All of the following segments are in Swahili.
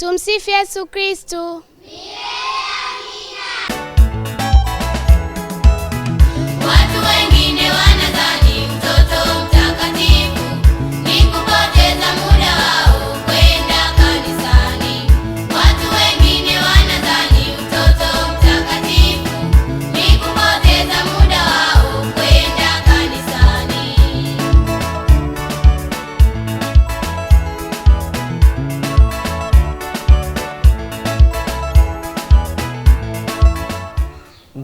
Tumsifu Yesu Kristu.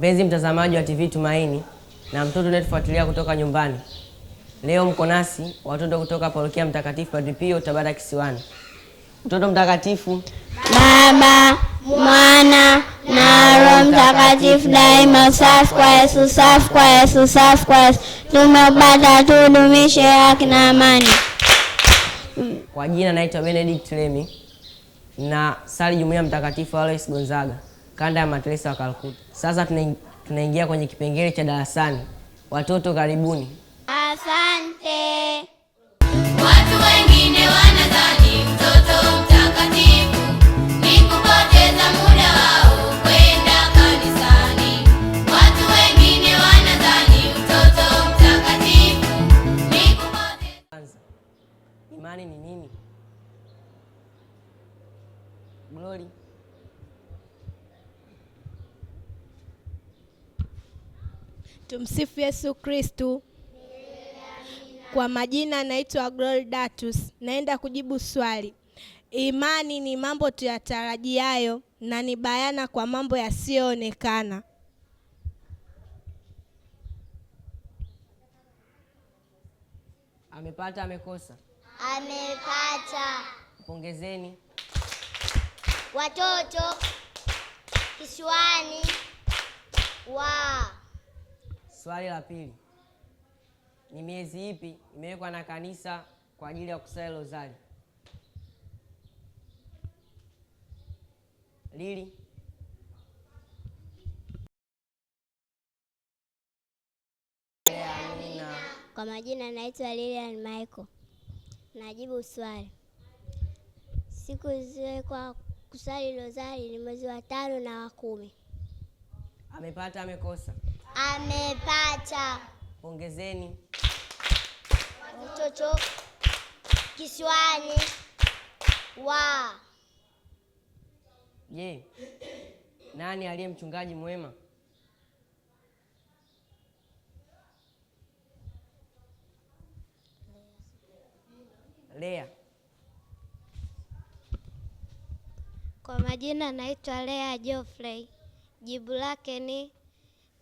Mpenzi mtazamaji wa TV Tumaini na mtoto unayetufuatilia kutoka nyumbani, leo mko nasi watoto kutoka parokia Mtakatifu Padre Pio Tabata Kisiwani. Mtoto mtakatifu Baba, Mwana na Roho Mtakatifu daima. Usafi kwa Yesu, usafi kwa Yesu, usafi kwa Yesu. tumepata tu, dumishe haki na amani. Kwa jina naitwa Benedict Lemi na sali jumuiya Mtakatifu Alois Gonzaga kanda ya matresa wa Kalkuta. Sasa tunaingia kwenye kipengele cha darasani. Watoto karibuni. Asante. Watu wengine wanadhani Tumsifu Yesu Kristu. Kwa majina naitwa Glory Datus, naenda kujibu swali. Imani ni mambo tuyatarajiayo na ni bayana kwa mambo yasiyoonekana. Amepata amekosa? Amepata. Pongezeni watoto kisiwani wa Swali la pili, ni miezi ipi imewekwa na kanisa kwa ajili ya kusali rozari? Lili Kwa majina naitwa Lilian Michael. Najibu swali. Siku zilizowekwa kusali rozari ni mwezi wa tano na wa kumi. Amepata amekosa? Amepata. pongezeni Mtoto kisiwani wa. Je, nani aliye mchungaji mwema? Lea. Kwa majina naitwa Lea Geoffrey. Jibu lake ni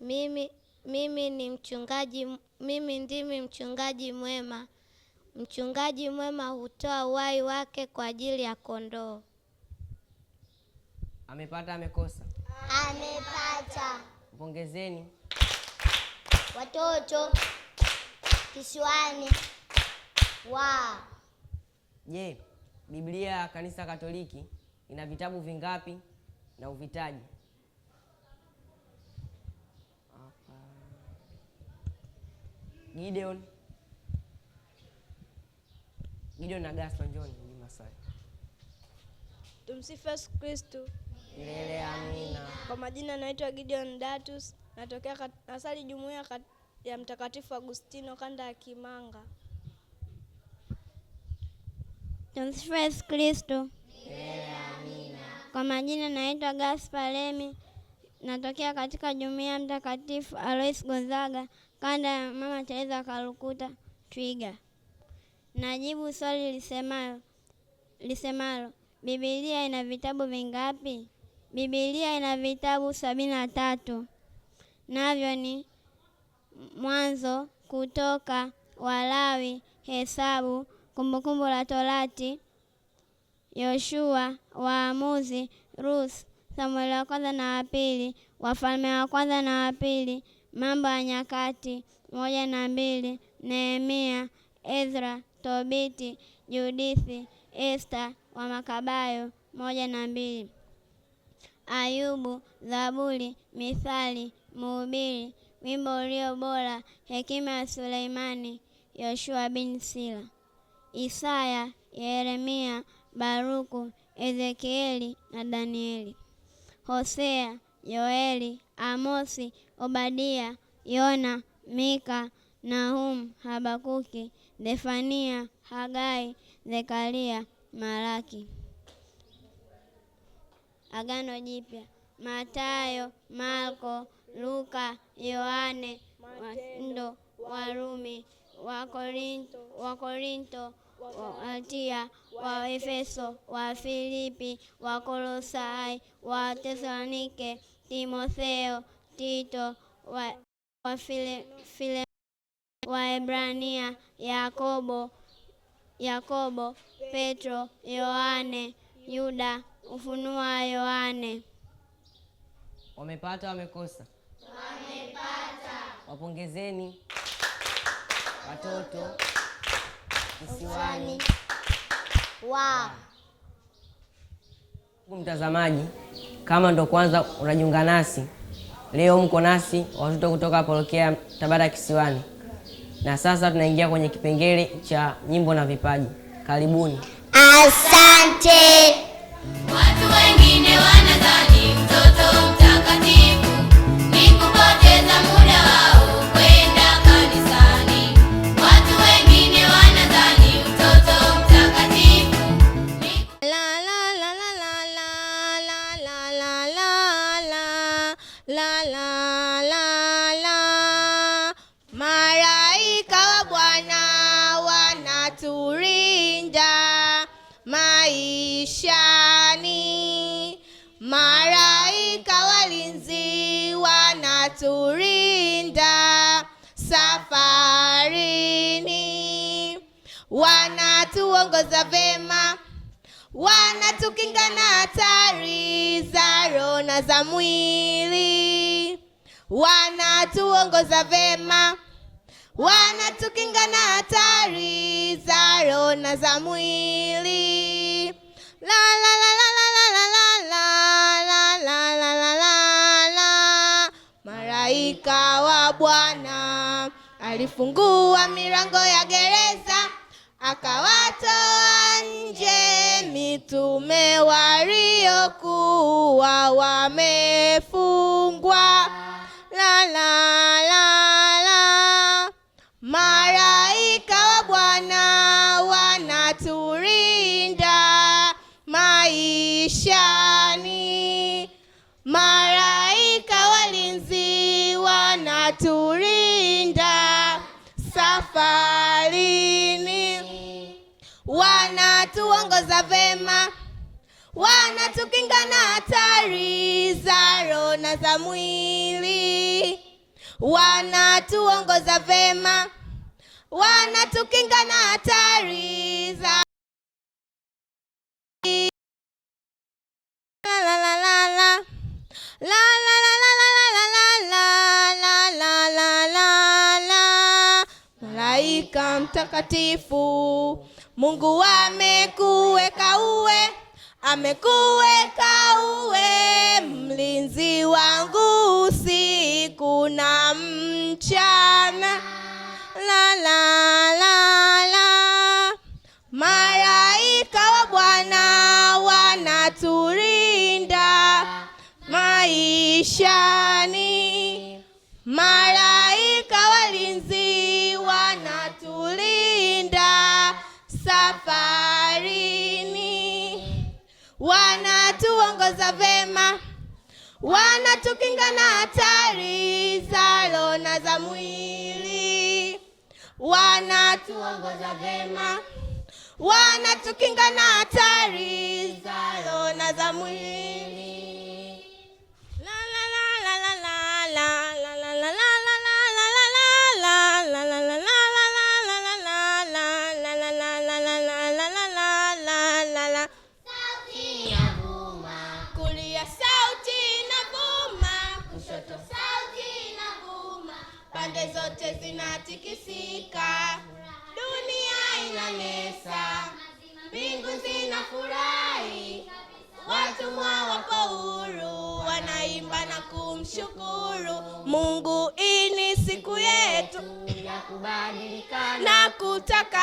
mimi, mimi ni mchungaji, mimi ndimi mchungaji mwema. Mchungaji mwema hutoa uhai wake kwa ajili ya kondoo. Amepata amekosa? Amepata. Mpongezeni watoto kisiwani wa. Je, yeah, Biblia ya Kanisa Katoliki ina vitabu vingapi na uvitaji? Gideon Gideon na Gaston, John nyuma sasa. Tumsifu Yesu Kristo. Milele amina. Kwa majina naitwa Gideon Datus, natokea kat, nasali jumuiya ya Mtakatifu Agustino kanda ya Kimanga. Tumsifu Yesu Kristo. Milele amina. Kwa majina naitwa Gaspar Lemi, natokea katika jumuiya ya Mtakatifu Alois Gonzaga kanda ya mama ataweza akalukuta twiga. Najibu swali lisemalo lisemalo Biblia ina vitabu vingapi? Biblia ina vitabu sabini na tatu, navyo ni Mwanzo, Kutoka, Walawi, Hesabu, Kumbukumbu la Torati, Yoshua, Waamuzi, Ruth, Samueli wa kwanza na wa pili, Wafalme wa kwanza na wa pili Mambo ya Nyakati moja na mbili, Nehemia, Ezra, Tobiti, Judithi, Esta wa Makabayo moja na mbili, Ayubu, Zaburi, Mithali, Mhubiri, wimbo ulio bora, hekima ya Suleimani, Yoshua bin Sila, Isaya, Yeremia, Baruku, Ezekieli na Danieli, Hosea, Yoeli, Amosi, Obadia, Yona, Mika, Nahum, Habakuki, Zefania, Hagai, Zekaria, Malaki. Agano Jipya: Matayo, Marko, Luka, Yohane, Matendo, Warumi, Wakorinto, waatia Waefeso, Wafilipi, Wakolosai, Watesalonike, Timotheo Tito, wa Waebrania, Yakobo, Yakobo, Petro, Yohane, Yuda, ufunua Yohane. Wamepata, wamekosa? Wamepata. Wapongezeni watoto kisiwani. Wow. Mtazamaji, kama ndo kwanza unajiunga nasi Leo mko nasi watoto kutoka parokia Tabata Kisiwani, na sasa tunaingia kwenye kipengele cha nyimbo na vipaji. Karibuni. Asante watu wengine wanaturinda safarini, wanatuongoza vema, wanatukinga na hatari za rona za mwili. Wanatuongoza vema, wanatukinga na hatari za rona za mwili. la la la malaika wa Bwana alifungua milango ya gereza, akawatoa nje mitume waliokuwa wamefungwa. la la kutuongoza vema, wanatukinga na hatari za roho na za mwili, wanatuongoza vema, tukinga na hatari za Malaika mtakatifu Mungu amekuweka uwe, amekuweka uwe. kuongoza vema, wanatukinga na hatari za roho na za mwili, wanatuongoza vema, wanatukinga na hatari za roho na za mwili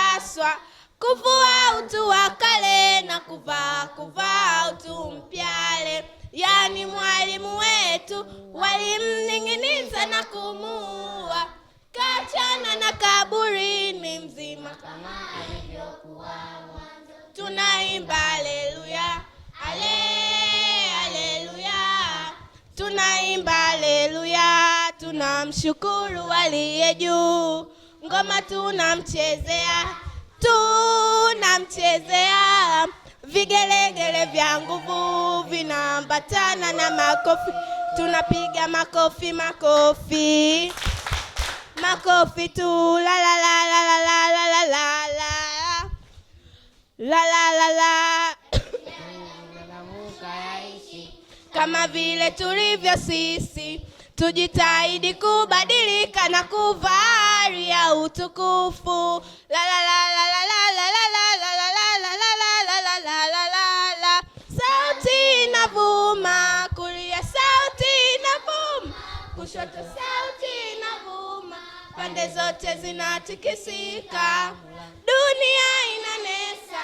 tunapaswa kuvua utu wa kale na kuvaa kuvaa utu mpyale, yani mwalimu wetu walimning'iniza na kumua kachana na kaburi ni mzima kama alivyokuwa mwanzo. Tunaimba haleluya, ale haleluya, tunaimba haleluya, tunamshukuru aliye juu ngoma tunamchezea, tunamchezea, vigelegele vya nguvu vinaambatana na makofi, tunapiga makofi, makofi, makofi tu la la la la la la la la la la la la kama vile tulivyo sisi Tujitahidi kubadilika na kuvalia utukufu. La la la la la la la la la la la la. Sauti inavuma, kulia sauti inavuma, kushoto sauti inavuma, pande zote zinatikisika. Dunia inanesa,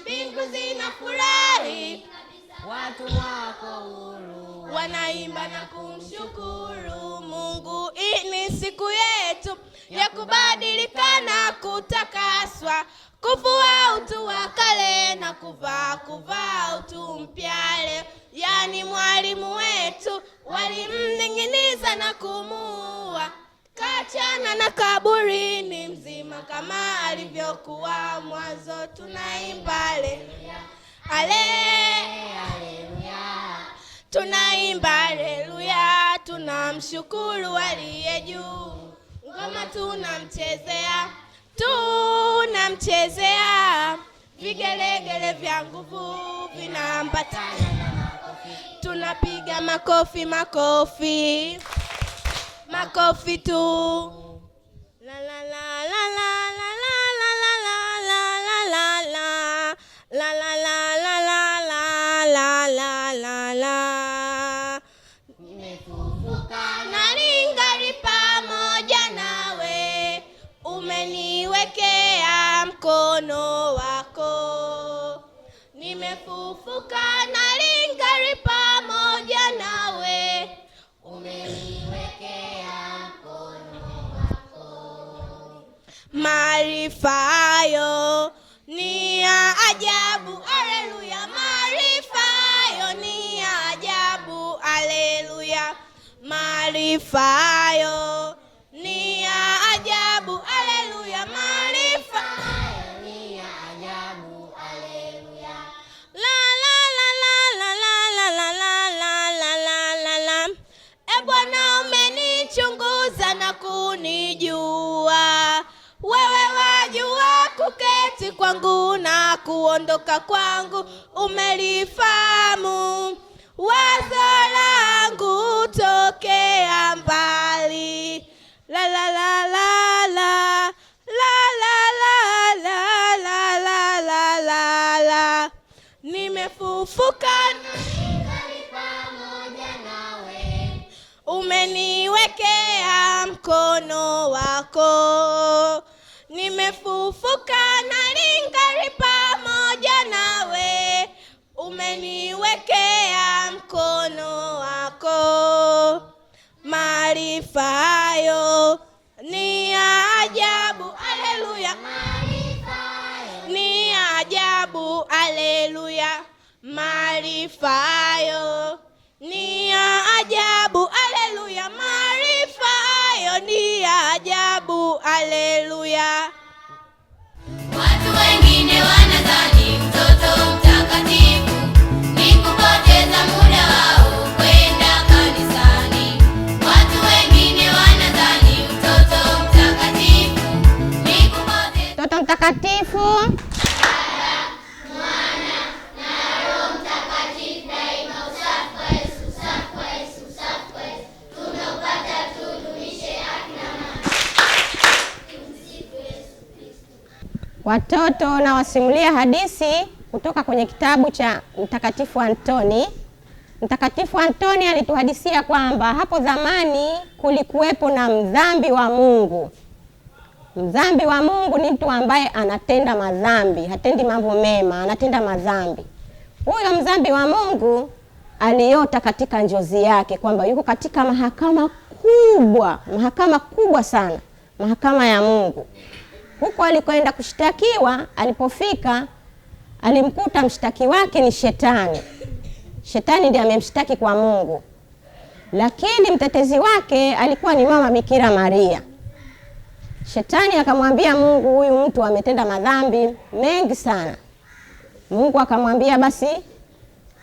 mbingu zinafurahi watu wako huru, wanaimba na kumshukuru Mungu. Hii ni siku yetu ya kubadilika na kutakaswa, kuvua utu wa kale na kuvaa kuvaa utu mpya leo. Yani mwalimu wetu walimning'iniza na kumuua, kachana na kaburini mzima kama alivyokuwa mwanzo. Tunaimba leo Ale, aleluya. Tunaimba aleluya, tunamshukuru aliye juu. Ngoma tunamchezea, tunamchezea. Vigelegele vya nguvu vinaambatana na makofi, tunapiga makofi, makofi, makofi tu la la la la la la la la la la la la maarifayo ni ya ajabu, aleluya. Maarifayo ni ya ajabu, aleluya. Maarifayo kuishi kwangu na kuondoka kwangu umelifamu wazo langu tokea mbali. La la la la la la la la la la la la, nimefufuka umeniwekea mkono wako nimefufuka na lingali pamoja nawe, umeniwekea mkono wako. Maarifa hayo ni ajabu, aleluya, ni ajabu, aleluya, maarifa hayo ni ajabu ni ajabu. Haleluya! Watu wengine wanadhani mtoto mtakatifu ni kupoteza muda wao kwenda kanisani. Watu wengine wanadhani mtoto mtakatifu ni kupoteza... mtoto mtakatifu Watoto nawasimulia hadithi kutoka kwenye kitabu cha Mtakatifu Antoni. Mtakatifu Antoni alituhadisia kwamba hapo zamani kulikuwepo na mdhambi wa Mungu. Mdhambi wa Mungu ni mtu ambaye anatenda madhambi, hatendi mambo mema, anatenda madhambi. Huyo mdhambi wa Mungu aliota katika njozi yake kwamba yuko katika mahakama kubwa, mahakama kubwa sana, mahakama ya Mungu huko alikoenda kushtakiwa, alipofika alimkuta mshtaki wake ni shetani. Shetani ndiye amemshtaki kwa Mungu, lakini mtetezi wake alikuwa ni mama Bikira Maria. Shetani akamwambia Mungu, huyu mtu ametenda madhambi mengi sana. Mungu akamwambia basi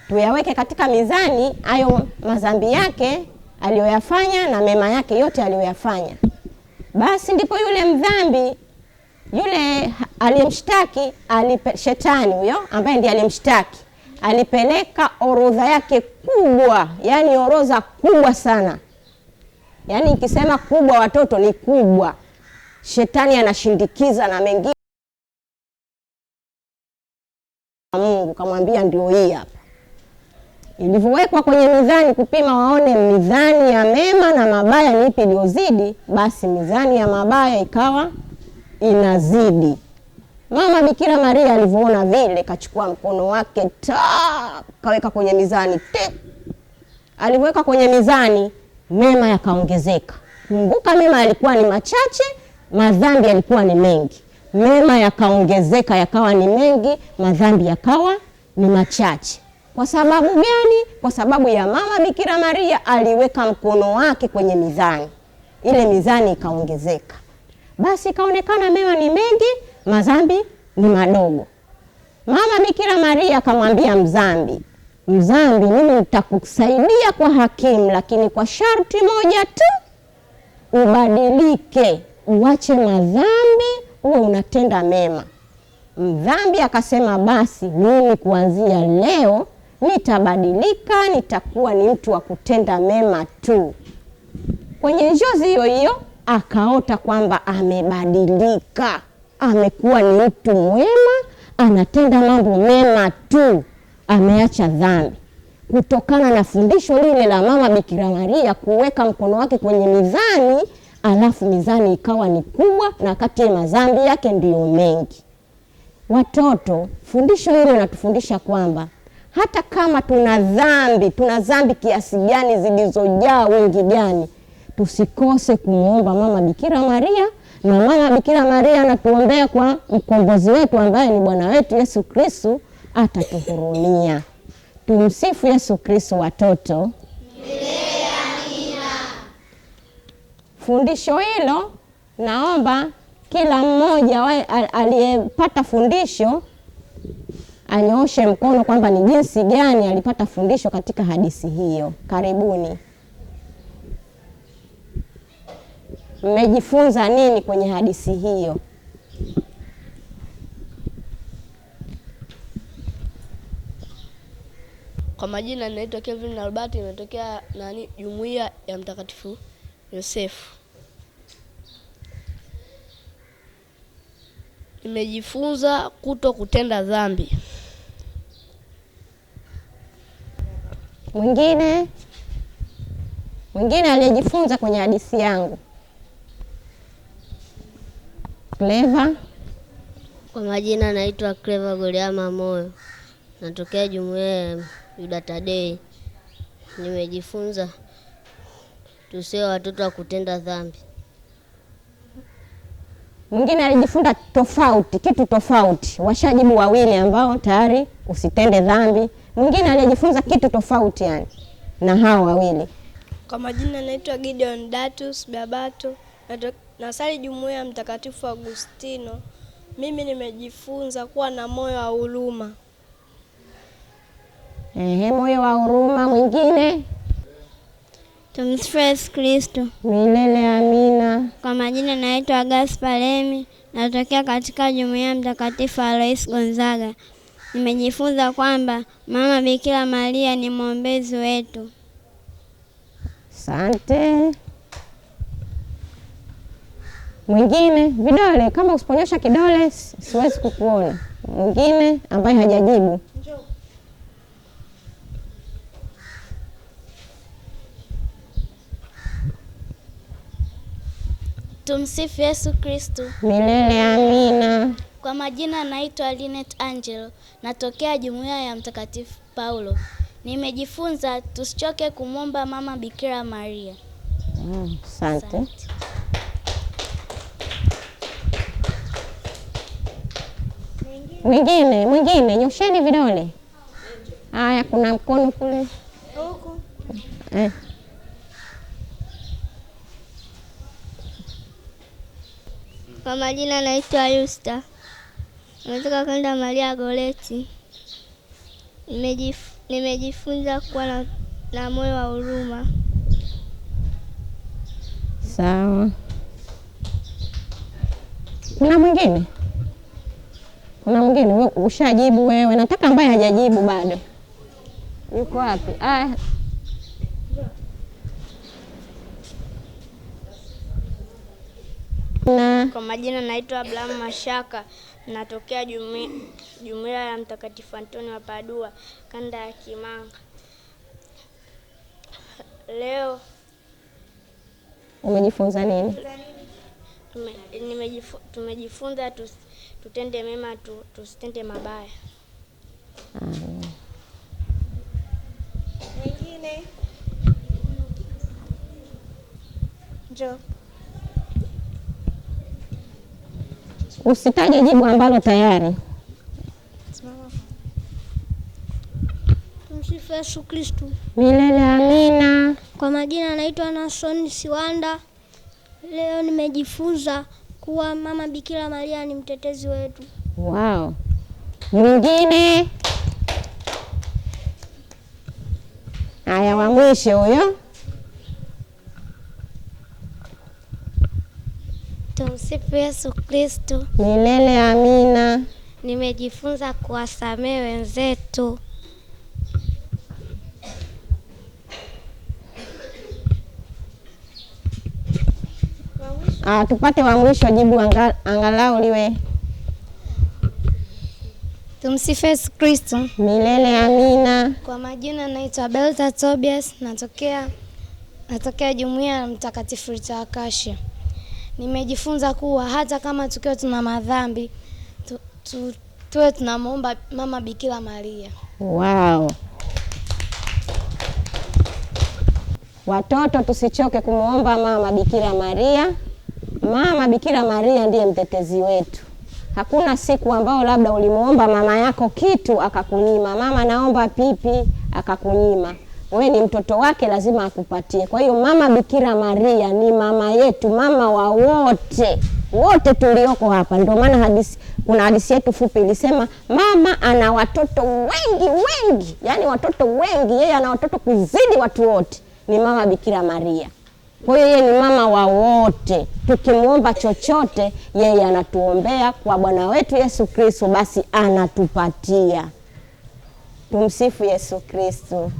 tuyaweke katika mizani hayo madhambi yake aliyoyafanya na mema yake yote aliyoyafanya. Basi ndipo yule mdhambi yule aliyemshtaki alipe, shetani huyo ambaye ndiye aliyemshtaki alipeleka orodha yake kubwa, yani orodha kubwa sana, yani ikisema kubwa watoto ni kubwa. Shetani anashindikiza na mengine Mungu kamwambia ndio hii hapa ilivyowekwa kwenye mizani kupima waone mizani ya mema na mabaya ni ipi iliyozidi. Basi mizani ya mabaya ikawa inazidi. Mama Bikira Maria alivyoona vile, kachukua mkono wake ta kaweka kwenye mizani te, alivyoweka kwenye mizani mema yakaongezeka. Kumbuka mema yalikuwa ni machache, madhambi yalikuwa ni mengi. Mema yakaongezeka yakawa ni mengi, madhambi yakawa ni machache. Kwa sababu gani? Kwa sababu ya mama Bikira Maria aliweka mkono wake kwenye mizani, ile mizani ikaongezeka. Basi kaonekana mema ni mengi, madhambi ni madogo. Mama Bikira Maria akamwambia mzambi, mzambi, mimi nitakusaidia kwa hakimu, lakini kwa sharti moja tu, ubadilike, uache madhambi, uwe unatenda mema. Mdhambi akasema, basi mimi kuanzia leo nitabadilika, nitakuwa ni mtu wa kutenda mema tu. Kwenye njozi hiyo hiyo akaota kwamba amebadilika, amekuwa ni mtu mwema, anatenda mambo mema tu, ameacha dhambi. Kutokana na fundisho lile la mama Bikira Maria kuweka mkono wake kwenye mizani, alafu mizani ikawa ni kubwa, na kati ya madhambi yake ndiyo mengi. Watoto, fundisho hilo linatufundisha kwamba hata kama tuna dhambi, tuna dhambi kiasi gani, zilizojaa wingi gani tusikose kumwomba mama Bikira Maria, na mama Bikira Maria anatuombea kwa mkombozi wetu ambaye ni Bwana wetu Yesu Kristo atatuhurumia. Tumsifu Yesu Kristo. Watoto, fundisho hilo naomba kila mmoja aliyepata fundisho anyooshe mkono kwamba ni jinsi gani alipata fundisho katika hadithi hiyo. Karibuni. mmejifunza nini kwenye hadithi hiyo? Kwa majina naitwa Kevin Albert, imetokea nani jumuiya ya Mtakatifu Yosefu. Nimejifunza kuto kutenda dhambi. Mwingine mwingine aliyejifunza kwenye hadithi yangu Cleva. Kwa majina naitwa Cleva Goliama Moyo, natokea jumuiya ya Yuda Tadei. Nimejifunza tusiwe watoto wa kutenda dhambi. Mwingine alijifunza tofauti, kitu tofauti. Washajibu wawili ambao tayari usitende dhambi. Mwingine alijifunza kitu tofauti yani na hao wawili. Kwa majina naitwa Gideon Datus Babato, Nasali jumuiya ya Mtakatifu Agustino. Mimi nimejifunza kuwa na moyo wa huruma. Ehe, moyo wa huruma mwingine. Tumsifu Yesu Kristo. Milele amina. Kwa majina naitwa Gaspar Lemi, natokea katika jumuiya ya Mtakatifu Alois Gonzaga. Nimejifunza kwamba Mama Bikira Maria ni mwombezi wetu. Asante mwingine vidole, kama usiponyosha kidole siwezi kukuona. Mwingine ambaye hajajibu Tumsifu Yesu Kristo. Milele amina. Kwa majina naitwa Linet Angel, natokea jumuiya ya Mtakatifu Paulo. Nimejifunza tusichoke kumwomba Mama Bikira Maria. Mm, asante. Mm, Mwingine, mwingine, nyosheni vidole. Haya, kuna mkono kule eh. Kwa majina naitwa Yusta, nimetoka kwenda Maria Goreti. Nimejif, nimejifunza kuwa na, na moyo wa huruma. Sawa, kuna mwingine kuna mwingine wewe ushajibu wewe, nataka ambaye hajajibu bado. Yuko wapi? Ah. Na kwa majina naitwa Abraham Mashaka, natokea jumuiya ya Mtakatifu antoni wa Padua, kanda ya Kimanga. Leo umejifunza nini? Tumejifunza tume, tutende mema tu, tusitende mabaya. Mm. njo usitaje jibu ambalo tayari. Tumsifu Yesu Kristu milele, amina. Kwa majina anaitwa Nason Siwanda. Leo nimejifunza kuwa mama Bikira Maria ni mtetezi wetu. Wow, mwingine haya, wa mwisho huyo. Tumsifu Yesu Kristo milele, amina. Nimejifunza kuwasamehe wenzetu uh, tupate wa mwisho jibu angalau liwe Tumsifu Yesu Kristo. Milele amina. Kwa majina naitwa Belta Tobias, natokea natokea jumuiya ya Mtakatifu Rita wa Nimejifunza kuwa hata kama tukiwa tuna madhambi tu, tu, tuwe tunamwomba Mama Bikira Maria. Wow. Watoto tusichoke kumwomba Mama Bikira Maria. Mama Bikira Maria ndiye mtetezi wetu. Hakuna siku ambayo labda ulimuomba mama yako kitu akakunyima. Mama naomba pipi, akakunyima. Wewe ni mtoto wake, lazima akupatie. Kwa hiyo mama Bikira Maria ni mama yetu, mama wa wote wote tulioko hapa. Ndio maana hadithi, kuna hadisi yetu fupi ilisema mama ana watoto wengi wengi, yaani watoto wengi. Yeye ana watoto kuzidi watu wote, ni mama Bikira Maria. Kwa hiyo yeye ni mama wa wote, tukimwomba chochote yeye anatuombea. Kwa Bwana wetu Yesu Kristo, basi anatupatia. Tumsifu Yesu Kristo.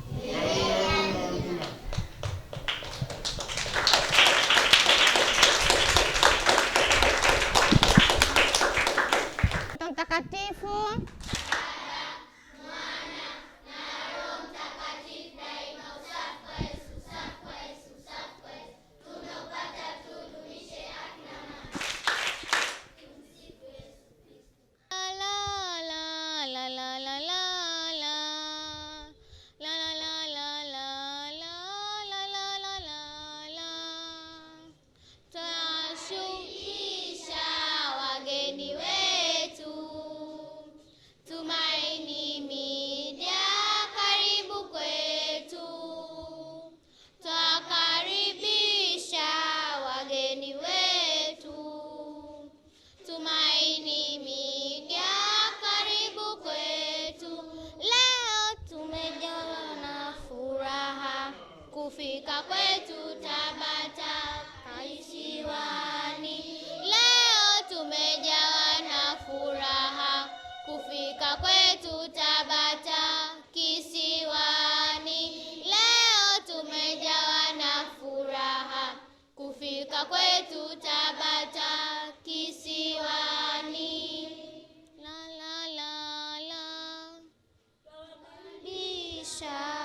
shine.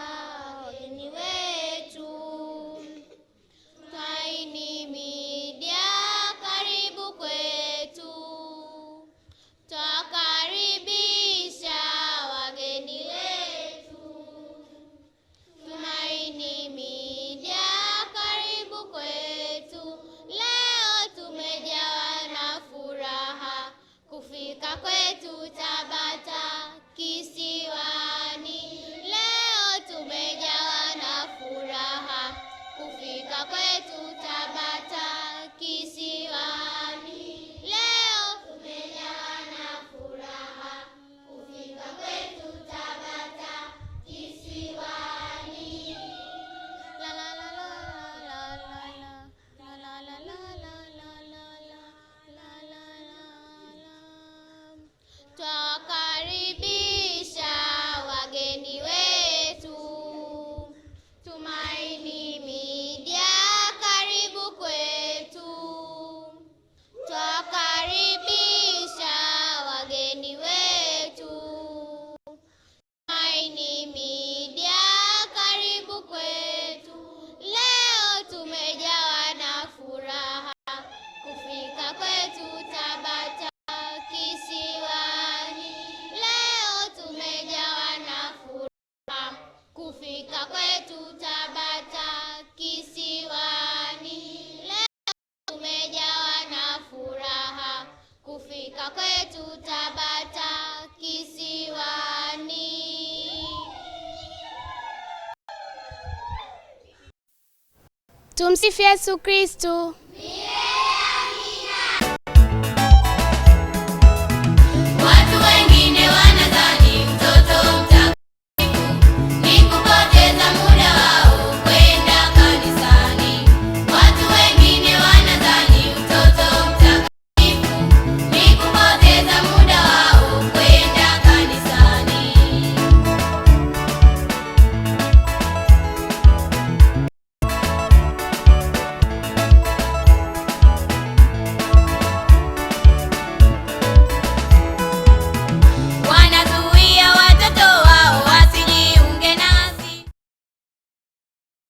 Tumsifu Yesu Kristu.